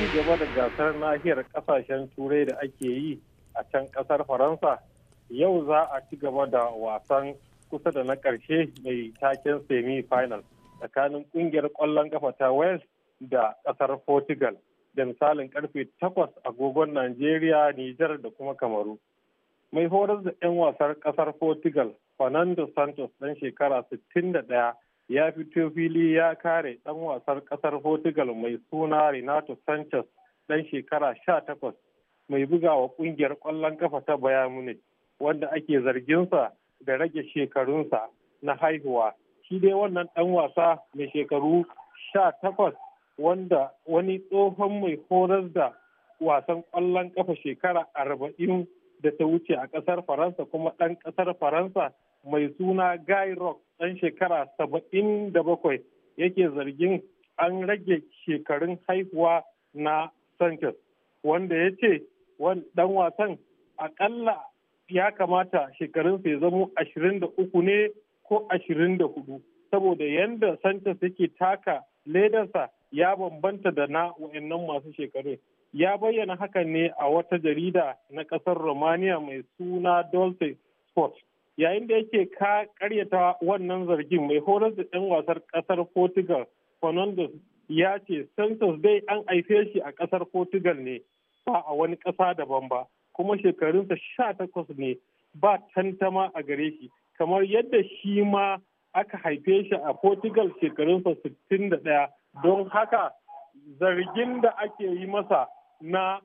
ci gaba da gasar nahiyar kasashen turai da ake yi a can kasar faransa yau za a ci gaba da wasan kusa da na ƙarshe mai taken semi final tsakanin ƙungiyar ƙwallon kafa ta wales da ƙasar portugal da misalin karfe 8 agogon nigeria Nijar da kuma Kamaru. Mai horar da 'yan wasar kasar Portugal, Fernando Santos dan shekara 61 ya fito fili ya kare dan wasan kasar portugal mai suna renato sanchez dan shekara 18 mai bugawa kungiyar kwallon kafa ta Bayern munich wanda ake zarginsa da rage shekarunsa na haihuwa shi dai wannan dan wasa mai shekaru 18 wanda wani tsohon mai horar da wasan kwallon kafa shekara 40 da ta wuce a kasar faransa kuma dan kasar faransa mai suna guy rock ɗan shekara saba'in da bakwai yake zargin an rage shekarun haihuwa na Sanchez wanda ya ce ɗan wasan akalla ya kamata shekarunsa ya zamo ashirin da uku ne ko ashirin da hudu saboda yadda Sanchez yake taka ledarsa ya bambanta da na wa'annan masu shekaru ya bayyana hakan ne a wata jarida na ƙasar romania mai suna dolce sports. yayin da yake ka karyata wannan zargin mai horar da 'yan wasar kasar portugal fernandes ya ce santos dai an haife shi a kasar portugal ne ba a wani kasa daban ba kuma shekarunsa sha takwas ne ba tantama a gare shi kamar yadda shi ma aka haife shi a portugal shekarunsa ɗaya don haka zargin da ake yi masa na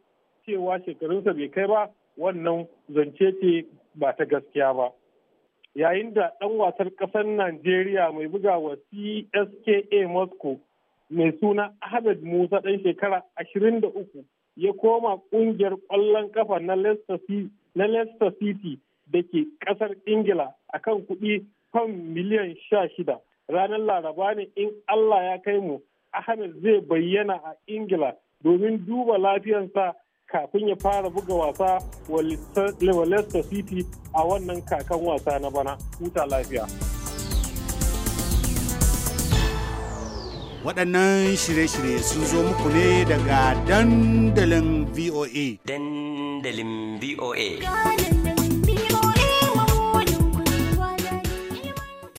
cewa shekarunsa bai kai ba wannan zance ce ba ta gaskiya ba. yayin da ɗan wasan ƙasar Najeriya mai buga wa CSKA Moscow mai suna Ahmed Musa ɗan shekara 23 ya koma ƙungiyar ƙwallon ƙafa na Leicester City da ke ƙasar Ingila a kan kuɗi kan miliyan 16 ranar Laraba ne in Allah ya kai mu Ahmed zai bayyana a Ingila domin duba lafiyarsa kafin ya fara buga wasa wa Leicester City a wannan kakan wasa na bana. Huta lafiya. Waɗannan shirye-shirye sun zo muku ne daga dandalin VOA. Dandalin VOA.